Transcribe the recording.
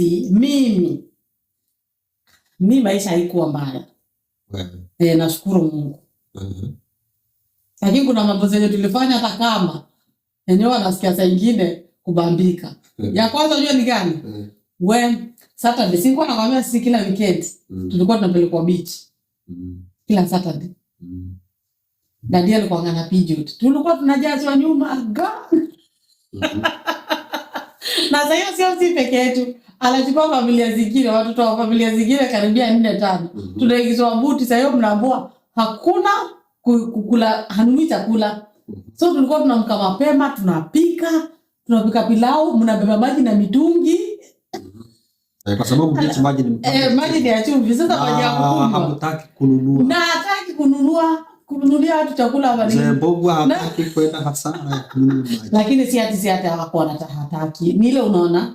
si mimi mi maisha haikuwa mbaya mm -hmm. e, nashukuru Mungu mm -hmm. lakini kuna mambo zenye tulifanya hata kama enyewe wanasikia saa ingine kubambika. mm -hmm. ya kwanza unajua ni gani? mm -hmm. we Saturday sikuwa nakwambia, sisi kila weekend mm -hmm. tulikuwa tunapelekwa beach mm -hmm. kila Saturday. mm -hmm. Dadi alikuwa ngana pijot, tulikuwa tunajazwa nyuma mm -hmm na sasa hiyo sio si peke yetu, anachukua familia zingine, watoto wa familia zingine karibia nne tano, mm -hmm. tunaingizwa buti. Sasa hiyo mnaambua hakuna kukula, hanumi chakula. Mhm. So tulikuwa tunamka mapema, tunapika tunapika pilau, mnabeba maji na mitungi mhm. kwa sababu eh, maji ni ya chumvi. Sasa maji ya ah, kunywa na hataki kununua kununulia watu chakula hapa nini? Mbogwa hataki kwenda hasara ya kununua maji. Lakini si ati si ati hawakuwa na tahataki. Ni ile unaona